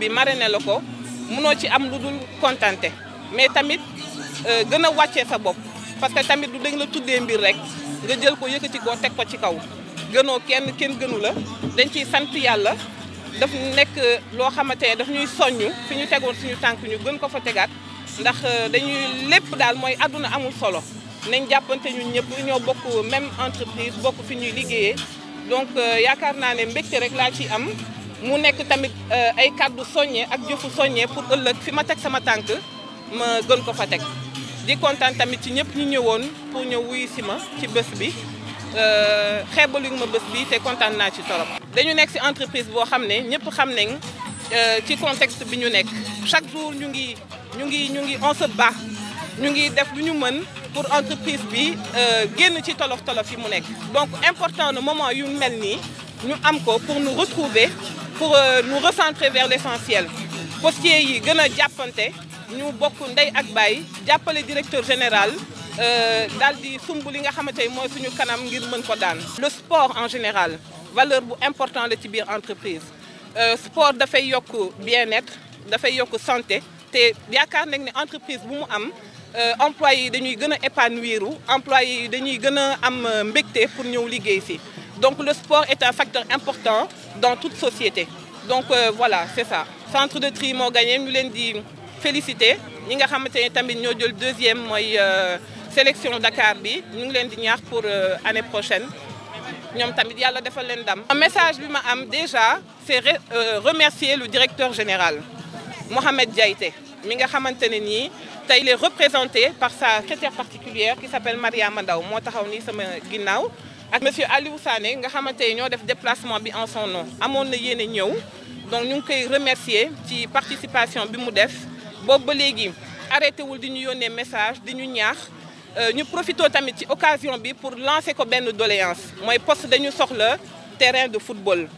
bi marraine la ko munoo ci am lu dul kontante mais tamit euh, gën a wàccee sa bopp parce que tamit du dañ la tuddee mbir rek nga jël ko yëkkati koo teg ko ci kaw gënoo kenn kenn gënu la dañ ciy sant yàlla daf nekk loo xamante ne daf ñuy soññ fi ñu tegoon suñu tànk ñu gën ko fa tegaat ndax euh, dañuy lépp daal mooy àdduna amul solo nañ jàppante ñun ñëpp ñoo bokk même entreprise bokk fi ñuy liggéeyee donc euh, yaakaar naa ne mbégte rek laa ci am mu nekk tamit euh, ay kàddu soññee ak jëfu soññee pour ëllëg fi ma teg sama tànk ma gën ko fa teg di kontaan tamit ci ñëpp ñu ñëwoon pour ñëw wuyu si ma ci bés bi euh, xeebaluñ ma bés bi te kontaan naa ci torop dañu nekk si entreprise boo xam ne ñëpp xam nañ ci contexte bi ñu nekk chaque jour ñu ngi ñu ngi ñu ngi on se ñu ngi def lu ñu mën pour entreprise bi euh, génn ci tolof tolof yi mu nekk. donc important na moment yu mel nii ñu am ko pour nous retrouver pour euh, nous recentrer vers l' essentiel yi gën a jàppante ñu bokk ndey ak baay jàppale directeur général. Euh, daal di sumb li nga xamante ni mooy suñu kanam ngir mën ko daan. le sport en général valeur bu important la ci biir entreprise sport dafay yokk bien-être dafay yokk santé te yaakaar nañ ne entreprise bu mu am. Euh, employés yi dañuy gën a épanouir employés yi dañuy gën a am euh, mbégte pour ñëw liggéey si donc le sport est un facteur important dans toute société donc euh, voilà c'est ça centre de tri moo gagné ñu leen di félicité ñi nga xamante ne tamit ñoo jël deuxième mooy sélection Dakar bi ñu ngi leen di ñaax pour année prochaine ñoom tamit yàlla defal leen ndam message bi ma am déjà c'est remercier le directeur général Mohamed Diaité mi nga xamante ne nii te il est représenté par sa secrétaire particulière qui s'appelle Mariama Ndaw moo taxaw nii sama ginnaaw a monsieur Aliou Sané nga xamante ne ñoo def déplacement bi en son nom amoon na yéene ñëw donc ñu ngi koy remercier ci participation bi mu def boobu ba léegi arrêté wul di ñu yónnee message di ñu ñaax euh, ñu profité tamit ci occasion bi pour lancer ko benn doléance mooy poste dañu soxla terrain de football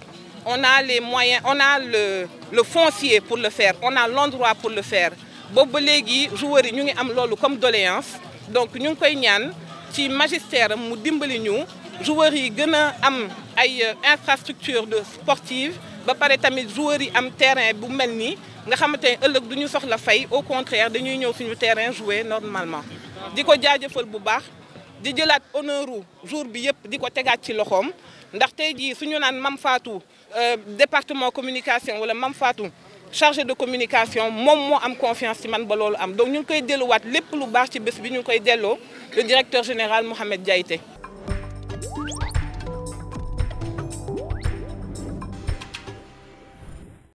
on a les moyens on a le foncier pour le faire on a l'endroit pour le faire boobu ba léegi joueurs yi ñu ngi am loolu comme doléance donc ñu ngi koy ñaan ci magistère am mu dimbali ñu joueurs yi gën a am ay euh, infrastructure de sportive ba pare tamit joueurs yi am terrain bu mel nii nga xamante ne ëllëg du ñu soxla fay au contraire dañuy ñëw suñu terrain jouer normalement di ko jaajëfal bu baax di jëlaat honneuru jour bi yëpp di ko tegaat ci loxoom ndax tey jii suñu naan Mame Fatou euh, département communication wala Mame faatu chargé de communication moom moo am confiance ci man ba loolu am donc ñu ngi koy delluwaat lépp lu baax ci bés bi ñu koy delloo le directeur général Mohamed Diaité